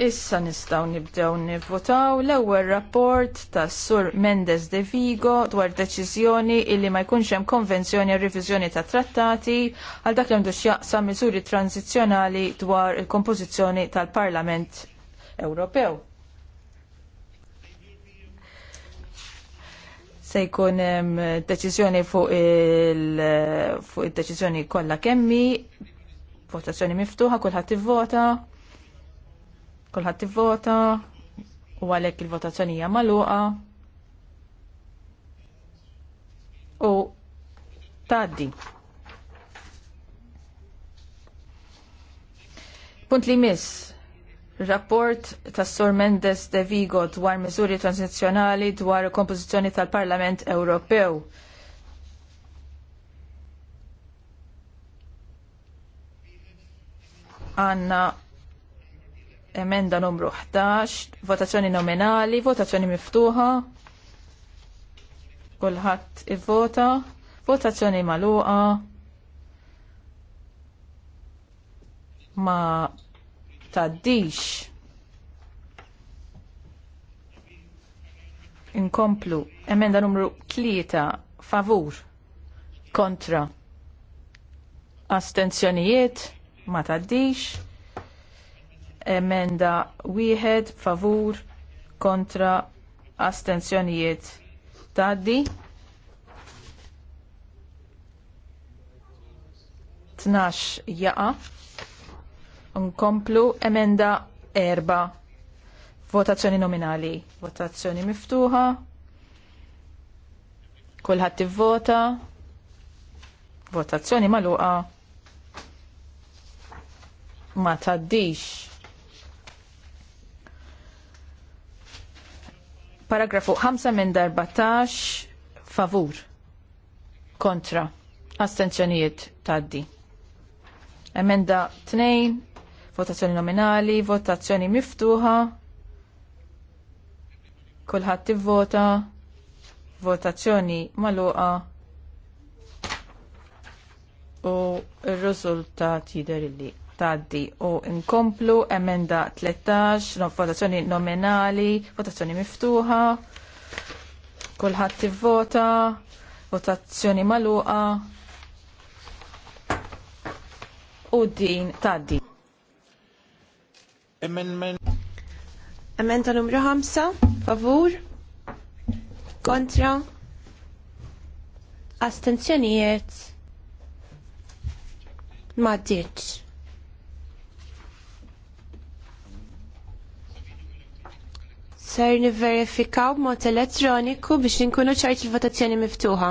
Issa nistaw nibdew nivvotaw l-ewwel rapport tas Sur Mendes de Vigo dwar deċiżjoni illi ma jkunx hemm konvenzjoni għal riviżjoni ta' trattati għal dak li għandu x'jaqsam miżuri tranzizzjonali dwar il-kompożizzjoni tal-Parlament Ewropew. Se jkun hemm deċiżjoni fuq il fuq id-deċiżjoni kollha kemmi, votazzjoni miftuħa, kulħadd ivvota. Kulħadd tivvota u għalhekk il-votazzjoni hija magħluqa. U tgħaddi. Punt li miss. Rapport tas Sor Mendes de Vigo dwar miżuri transizjonali dwar kompożizzjoni tal-Parlament Ewropew. Għanna emenda numru 11, votazzjoni nominali, votazzjoni miftuħa, kulħadd ivvota, votazzjoni magħluqa. ma taddix. Inkomplu, emenda numru 3, favur, kontra, astenzjonijiet, ma taddix. Emenda wieħed favur kontra astenzjonijiet. Taddi. tnax jaqa. Nkomplu emenda erba. Votazzjoni nominali. Votazzjoni miftuħa. Kulħadd tivvota. Votazzjoni magħluqa. Ma taddix. Paragrafu 5 minn 14 favur kontra astenzjonijiet taddi. Emenda 2 votazzjoni nominali, votazzjoni miftuħa, kulħadd tivvota, votazzjoni magħluqa u r-riżultat jidher li taddi u nkomplu emenda 13, votazzjoni nominali, votazzjoni miftuħa, kulħadd tivvota, votazzjoni maluqa u din tgħaddi. Emenda numru 5, favur, kontra, astenzjonijiet, ma' ditx. ser niverifikaw b'mod elettroniku biex inkunu ċert il-votazzjoni miftuħa.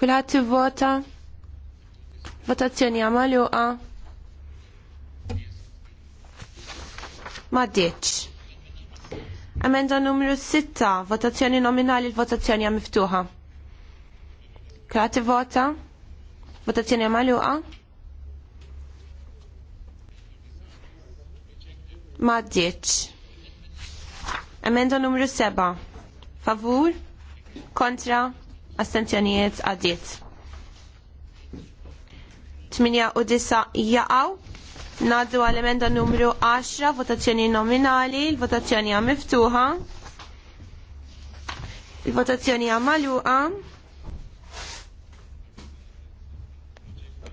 Kulħadd vota Votazzjoni għamaluqa. Ma ditx. Amenda numru 6, votazzjoni nominali, l-votazzjoni għam miftuħa. Kulħadd ivvota. Votazzjoni għamaluqa. Maddiċ. Emenda numru 7. Favur? Kontra? Astenzjonijiet għaddiet. 8 u 9 jaqaw. Naddu għal emenda numru 10, votazzjoni nominali, il-votazzjoni għam miftuħa. Il-votazzjoni għam maluqa.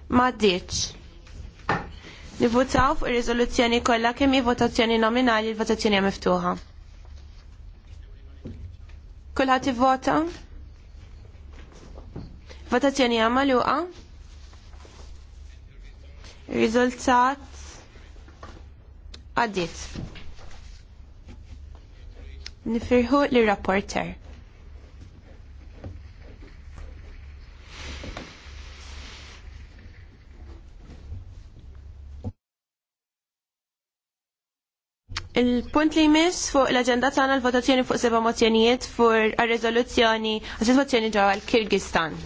Maddiċ. Nivutaw fuq ir-riżoluzzjoni kollha kemm hi votazzjoni nominali l-votazzjoni hija miftuħa. Kulħadd ivvota? Votazzjoni hija magħluqa. Riżultat għaddiet. Nifirħu lir rapporter Il-punt li jmiss fuq l-agenda tagħna l-votazzjoni fuq seba' mozzjonijiet fuq ar-riżoluzzjoni għas-sitwazzjoni ġewwa l-Kirgistan.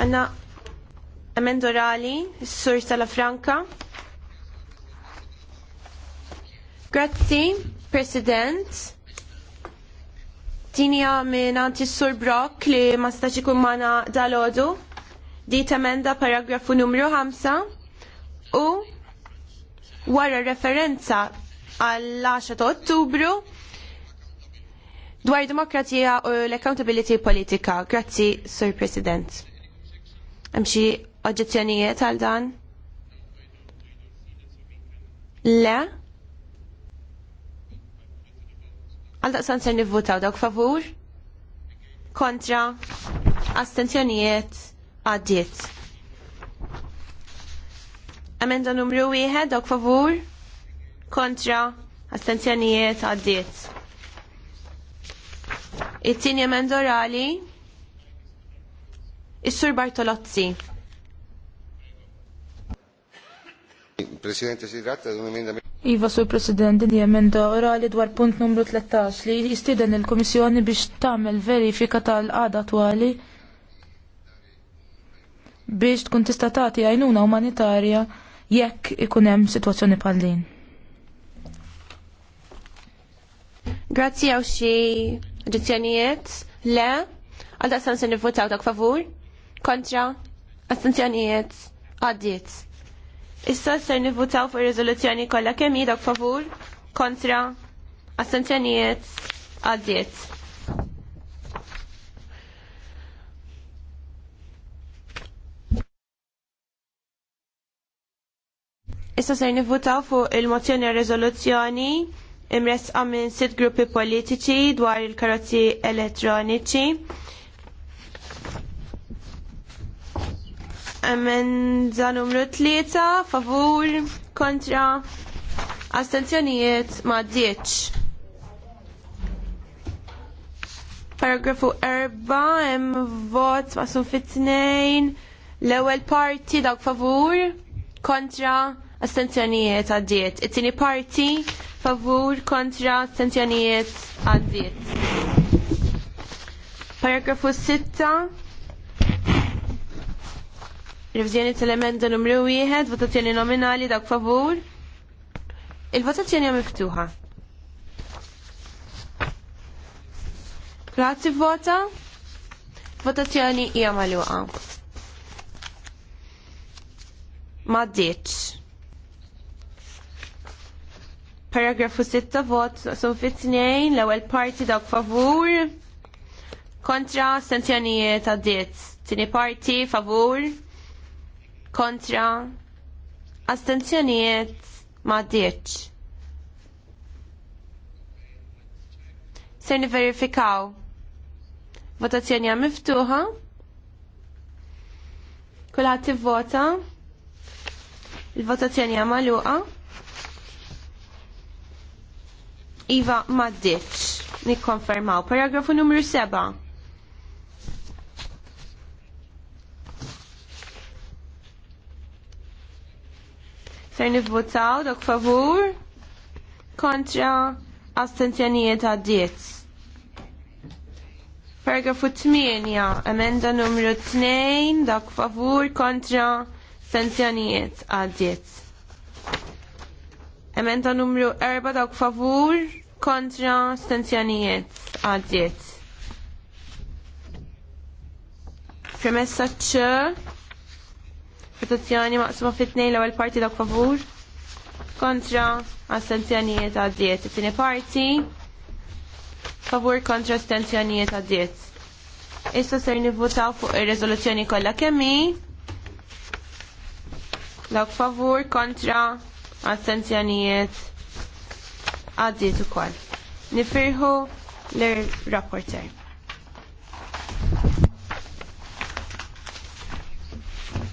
Għanna emendorali, s-sur Franka. Grazzi, President. Tinja minn anti sur Brock li ma staċi kun dal-ħodu. Di emenda paragrafu numru 5 u wara referenza għall-10 ta' Ottubru dwar demokrazija u l-accountability politika. Grazzi, Sir President. Hemm xi oġġezzjonijiet għal dan? Le? Għal daqsan ser nivvutaw dawk favur? Kontra? Astenzjonijiet? għaddiet. Amenda numru wieħed dawk favur kontra astenzjonijiet għaddiet. It-tieni emenda orali is-Sur Bartolozzi. Presidente, si tratta di un emendamento Iva, sur President, di emenda orali dwar punt numru 13 li jistiden il-Komissjoni biex tagħmel verifika tal-qada twali biex tkun tista' tagħti għajnuna umanitarja jekk ikun hemm sitwazzjoni bħal din. Grazzi għaw xi ġizjonijiet, le għalda s se nivvotaw dak favur kontra astenzjonijiet għaddiet. Issa s-sansi nivvotaw fuq ir-riżoluzzjoni kollha kemm dak favur kontra astenzjonijiet għaddiet. Issa ser nivvutaw fuq il-mozzjoni rezoluzzjoni imres minn sitt gruppi politiċi dwar il-karozzi elettroniċi. Emenza numru tlieta, favur, kontra, astenzjonijiet ma' dieċ. paragrafu erba hemm vot ma fit-tnejn l-ewwel parti dawk favur kontra astenzjonijiet għaddiet. It-tieni parti favur kontra astenzjonijiet għaddiet. Paragrafu 6 Revizjoni tal-emenda numru 1, votazzjoni nominali dak favur. Il-votazzjoni hija miftuħa. Grazzi vota. Votazzjoni hija magħluqa. Ma ditx. Paragrafu 6 vot sufit 2 l-ewwel parti dak favur kontra sanzjonijiet għaddiet. Tini parti favur kontra astenzjonijiet ma għaddietx. Ser niverifikaw. Votazzjoni għam miftuħa. Kulħat vota. Il-votazzjoni għam għaluqa. Iva maddiċ. Nikkonfermaw. Paragrafu numru 7. Ser nivvotaw dak favur kontra astenzjonijiet għaddiet. Paragrafu 8, emenda numru 2, dak favur kontra astenzjonijiet għaddiet. Emenda numru 4, dak favur kontra stenzjonijiet għaddiet. Premessa ċ votazzjoni maqsuma fit l-ewwel parti dak favur kontra astenzjonijiet għaddiet. it parti favur kontra astenzjonijiet għaddiet. Issa ser nivvotaw fuq ir-riżoluzzjoni kollha kemm hi. Dak favur kontra astenzjonijiet għaddiet ukoll. Nifirħu l-rapporter.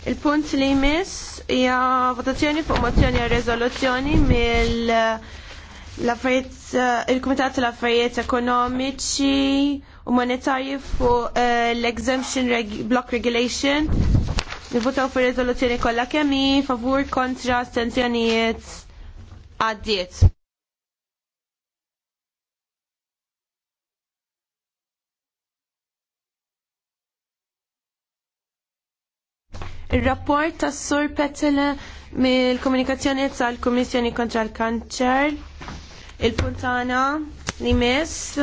Il-punt li jmiss hija votazzjoni fuq mozzjoni għal rezoluzzjoni mill eh, il-Kumitat tal-Affarijiet Ekonomiċi u Monetarji fuq eh, l-Exemption Block Regulation. Nivvotaw fuq rezoluzzjoni kollha kemm favur kontra astenzjonijiet għaddiet. Il-rapport ta' Sur Petele mill-komunikazzjoni tal-Kummissjoni kontra l-Kanċer, il-puntana li mess,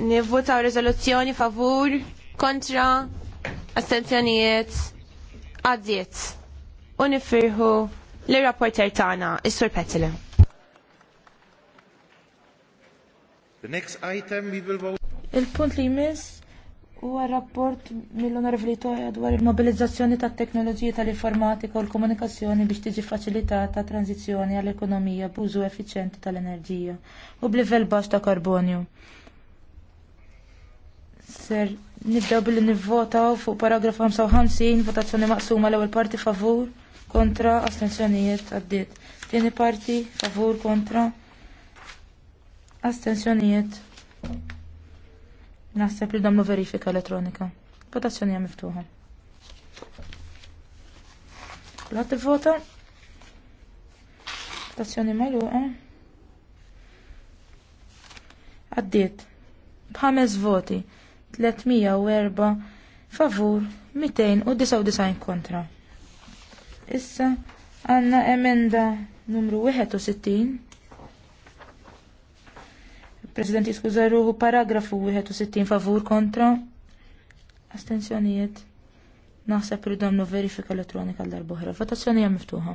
nivvotaw rezoluzzjoni favur kontra astenzjonijiet għaddiet. nifirħu l-rapporter tana, il-Sur Petzela. The next item we will vote. Il-punt li jmiss huwa rapport mill-Onorevoli Toja dwar il-mobilizzazzjoni tat teknoloġija tal-informatika u l-komunikazzjoni biex tiġi faċilitata tranzizjoni għall ekonomija b'użu effiċenti tal-enerġija u b'livell baxx ta' karbonju. Ser nibdew billi nivvotaw fuq paragraf 55 votazzjoni maqsuma l-ewwel parti favur kontra astensjonijiet għaddit. Tieni parti favur kontra astensjonijiet Naħseb li damlu verifika elettronika. Votazzjoni hija miftuħa. il-vota. Votazzjoni magħluqa. Għaddit. B'ħames voti. 304 favur, 299 kontra. Issa għandna emenda numru 61 Presidenti, jiskuża ruħu paragrafu 61 favur kontra. Astenzjonijiet. Naħseb li domnu verifika elettronika l darbohra Votazzjoni hija miftuħa.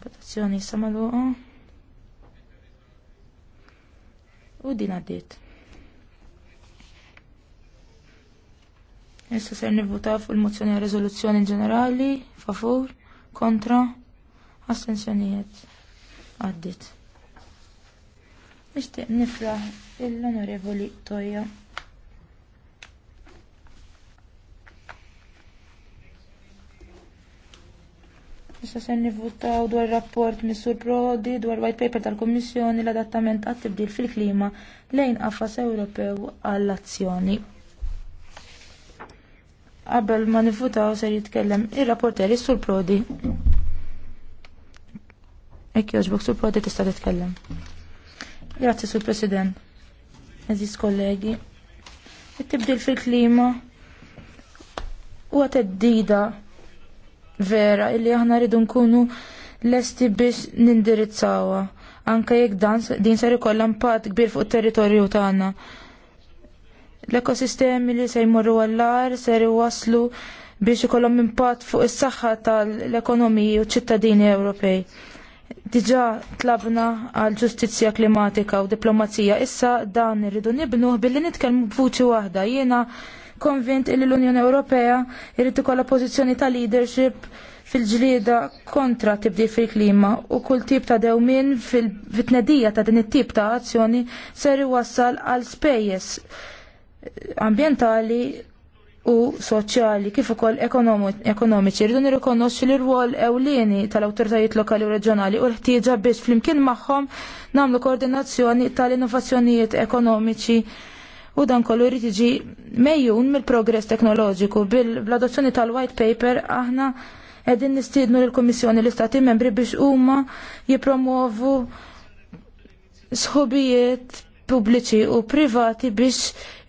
Votazzjoni issa magħluqa. U din għaddiet. Issa ser nivvuta fuq il-mozzjoni għal riżoluzzjoni ġenerali, favur, kontra, astensjonijiet. Għaddiet. Nixtieq nifraħ l-Onorevoli Toja. Issa se nifutaw dwar rapport Missur Prodi dwar white paper tal-Kommissjoni l-adattament għat tibdil fil-klima lejn qafas Ewropew għall-azzjoni. Qabel ma nivvutaw ser jitkellem ir rapporteri Sur Prodi. Ekk jogħġbok Sur Prodi tista' titkellem. Grazzi, Sur President. Aziz kollegi. It-tibdil fil-klima u għateddida vera illi aħna rridu nkunu lesti biex nindirizzawa. Anka jekk dan din sar ikollha impatt kbir fuq it-territorju tagħna. L-ekosistemi li se jmorru għall-ar ser iwasslu biex ikollhom impatt fuq is-saħħa tal-ekonomiji u ċ-ċittadini Ewropej. Diġa tlabna għal ġustizzja klimatika u diplomazija, issa dan irridu nibnu billi nitkellmu b'vuċi waħda. Jiena konvint illi l-Unjoni Ewropea irrid ikolla pożizzjoni ta' leadership fil-ġlieda kontra tibdi fil-klima u kull tip ta' dewmin fil vitnedija ta' din it-tip ta' azzjoni ser iwassal għal spejjeż ambjentali u soċjali kif ukoll ekonomiċi rridu nirrikonoxxi l-irwol ewlieni tal-awtoritajiet lokali u reġjonali u l-ħtieġa biex flimkien magħhom nagħmlu koordinazzjoni tal-innovazzjonijiet ekonomiċi u dan kollu jrid jiġi mejjun mill-progress teknoloġiku bil-adozzjoni tal-white paper aħna qegħdin nistiednu lill-Kummissjoni l-Istati Membri biex huma jippromovu sħubijiet pubbliċi u privati biex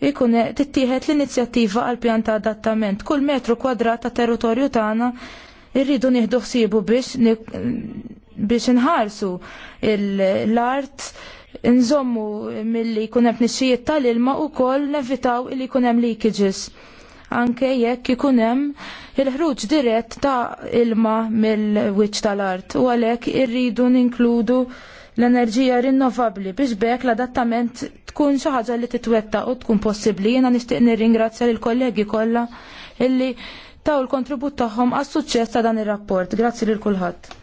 ikun tittieħed l-inizjattiva għal pjan ta' adattament. Kull metru kwadrat ta' territorju tagħna irridu nieħdu ħsiebu biex biex inħarsu l-art nżommu milli jkun hemm tnixxijiet tal-ilma wkoll nevitaw li jkun hemm leakages. Anke jekk ikun hemm il-ħruġ dirett ta' ilma mill-wiċċ tal-art u għalhekk irridu ninkludu l-enerġija rinnovabbli biex bekk l-adattament tkun xi ħaġa li titwetta u tkun possibbli. Jiena nixtieq nirringrazzja lill kollegi kollha illi taw l kontribut tagħhom għas-suċċess ta' dan ir-rapport. Grazzi lil kulħadd.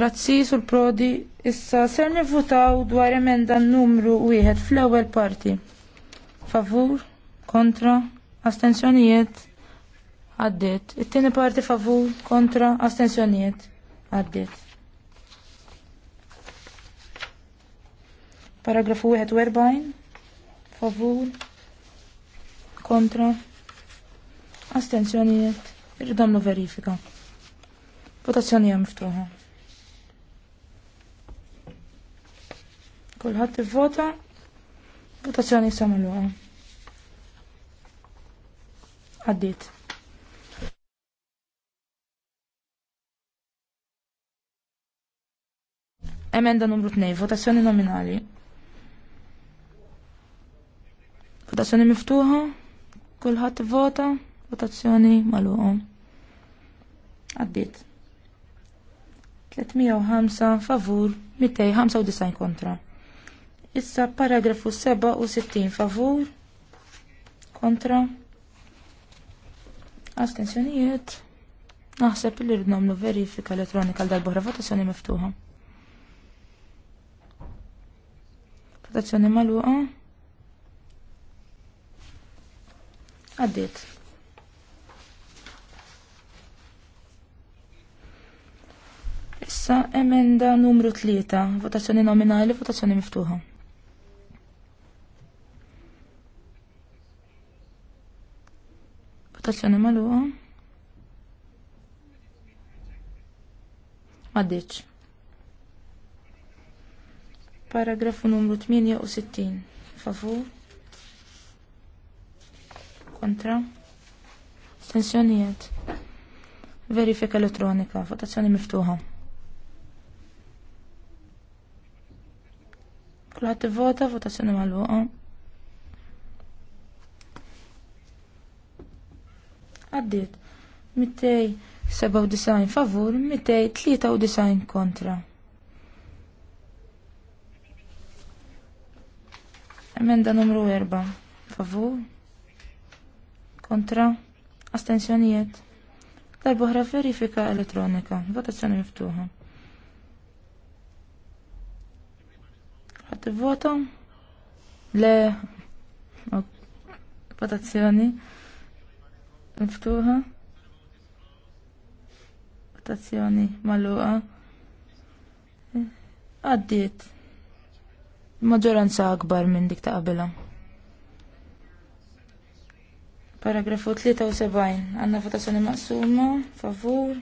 Grazzi sur prodi. Issa ser nivvutaw dwar emenda numru wieħed fl-ewwel parti. Favur, kontra, astensjonijiet, għaddit. It-tieni parti favur kontra astensjonijiet għaddit. Paragrafu 41 favur kontra astensjonijiet irridamlu verifika. Votazzjoni hija miftuħa. Kulħadd ivvota. Votazzjoni samaluqa. Għaddiet. Emenda numru 2, votazzjoni nominali. Votazzjoni miftuħa, kulħadd vota, votazzjoni magħluqa. Għaddiet. 305 favur, 295 kontra. Issa paragrafu 67 favur, kontra, Astenzjonijiet. naħseb li rridnomlu verifika elettronika l-darbohra votazzjoni miftuħa. Votazzjoni maluqa. Għaddit. Issa emenda numru 3, votazzjoni nominali, votazzjoni miftuħa. Votazzjoni maluqa. Għaddiċ. Paragrafu numru 68. Favur. Kontra. Astensjonijiet. Verifika elettronika. Votazzjoni miftuħa. Kulħadd ivvota, votazzjoni magħluqa. Għaddiet. 297 favur, 293 kontra. Emenda numru 4. Favur. Kontra. Astensjonijiet. Darbohra verifika elettronika. Votazzjoni miftuħa. Għat vota Le. Votazzjoni miftuħa. Votazzjoni maluqa. Għaddiet maġġoranza akbar minn dik ta' qabilha. Paragrafu 73, għanna votazzjoni maqsuma, favur,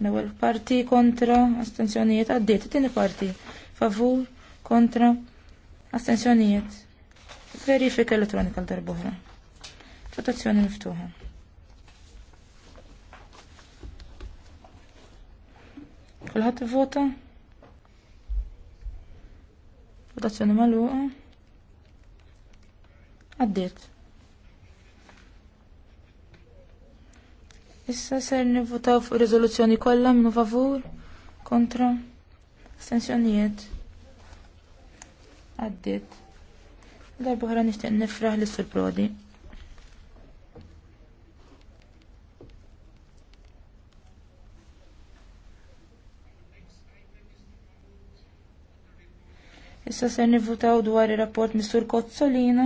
l-ewwel parti kontra, astensjonijiet għaddiet, it-tieni parti, favur, kontra, astensjonijiet. Verifika elettronika l-darbohra. Votazzjoni miftuħa. Kulħadd ivvota? vota reputazzjoni magħluqa. Għaddiet. Issa ser nivvutaw fuq riżoluzzjoni kollha minnu favur, kontra, astensjonijiet. Għaddiet. Darba ħra nixtieq nifraħ l-Sur Prodi. Issa ser nivvutaw dwar ir-rapport Mr. Kozzolina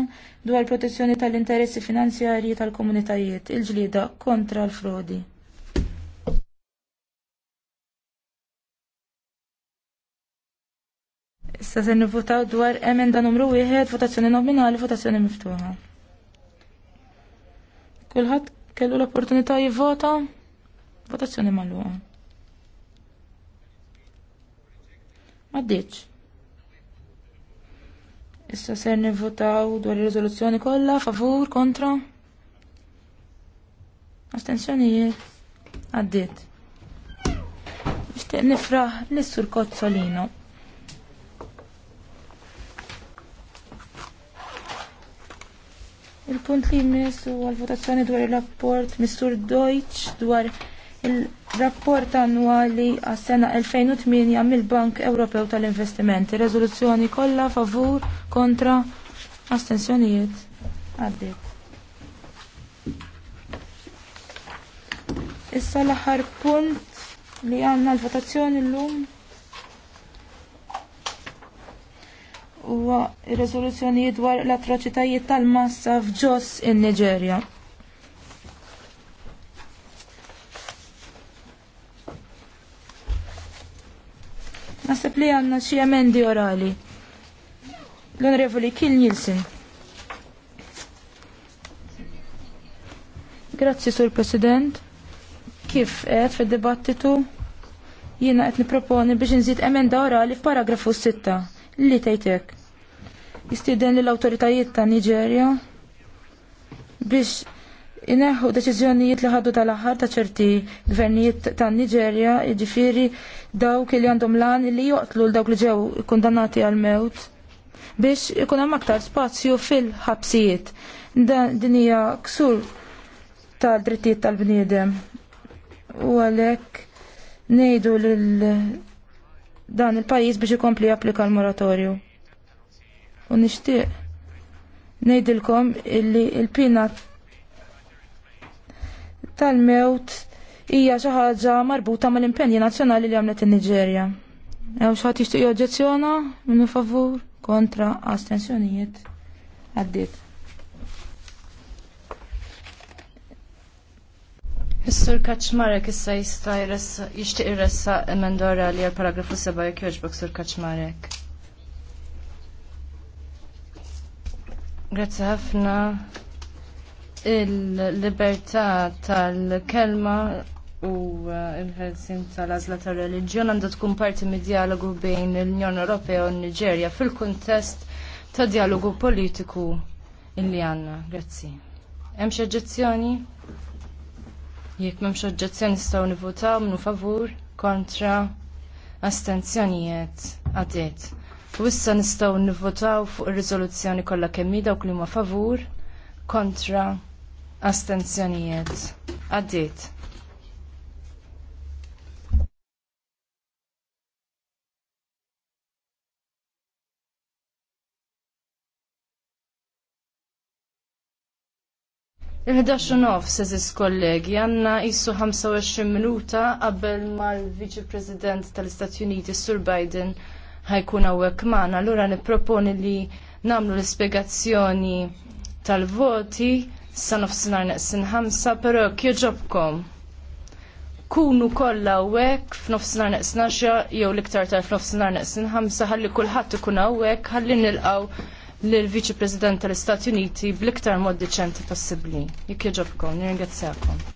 dwar protezzjoni tal-interessi finanzjarji tal-komunitajiet il-ġlida kontra l-frodi. Issa ser nivvutaw dwar emenda numru wieħed, votazzjoni nominali, votazzjoni miftuħa. Kulħadd kellu l-opportunità jivvota, votazzjoni magħluqa. Għaddiċ. Issa ser nivvotaw dwar ir-riżoluzzjoni kollha favur kontra. Astenzjonijiet għaddiet. Nixtieq nifraħ Nissur Kozzolino. Il-punt li jmiss huwa l-votazzjoni dwar ir rapport Mistur Deutsch dwar il-rapport annwali għas-sena 2008 mill-Bank Ewropew tal-Investimenti. Rezoluzzjoni kollha favur kontra astensjonijiet. Għaddiet. Issa l-aħħar punt li għandna l-votazzjoni llum huwa r rezoluzzjoni dwar l-atroċitajiet tal-massa f'Ġos in-Niġerja. Naħseb li għandna xi emendi orali. L-Onorevoli Kil Nielsen. Grazzi, Sur President. Kif għed fid-dibattitu jiena qed niproponi biex nżid emenda orali f'paragrafu 6 li tgħidlek. Jistieden lill awtoritajiet ta' Niġerja biex ineħħu deċiżjonijiet li ħaddu tal-aħħar ta' ċerti gvernijiet ta' Niġerja, jiġifieri dawk li għandhom lan li joqtlu l dawk li ġew kundannati għal mewt biex ikun hemm aktar spazju fil-ħabsijiet. Din hija ksur ta' drittijiet tal-bniedem. U għalhekk ngħidu lil dan il-pajjiż biex ikompli japplika l-moratorju. U nixtieq ngħidilkom illi l-pina tal-mewt hija xi ħaġa marbuta mal-impenji nazzjonali li għamlet in-Niġerja. Hemm xi ħadd jixtieq joġġezzjona minnu favur kontra astensjonijiet għaddiet. Is-sur Kaczmarek issa jista jixtieq irressa emendora li għal-paragrafu 7 jekk jogħġbok sur Kaczmarek. Grazzi ħafna, il-libertà tal-kelma u uh, il-ħelsin tal-azla tal-reliġjon għandha tkun parti mid-dialogu bejn l-Unjoni Ewropea u n-Niġerja fil-kuntest ta' dialogu politiku illi għanna. Grazzi. Hemm xi oġġezzjoni? Jekk m'hemmx oġġezzjoni nistgħu nivutaw minnu favur kontra astenzjonijiet għadiet. U issa nistgħu nivvotaw fuq ir-riżoluzzjoni kollha kemm u li huma favur kontra Astenzjonijiet. Għaddit. Il-11 nofs, seżis kollegi, għanna jissu 25 minuta qabel mal-Viċi President tal-Istati Uniti, Sur Biden, ħajkun għawek maħna. Allura niproponi li namlu l-spiegazzjoni tal-voti sa neqsin naqsin ħamsa, però kjoġobkom. Kunu kollha hawnhekk f'nofsinhar naqsin għaxja jew l-iktar tard f'nofsinhar naqsin ħamsa ħalli kulħadd ikun hawnhekk ħalli nilqgħu lill viċi President tal-Istati Uniti bl-iktar mod diċenti possibbli. Jekk jogħġobkom, nirringrazzjakom.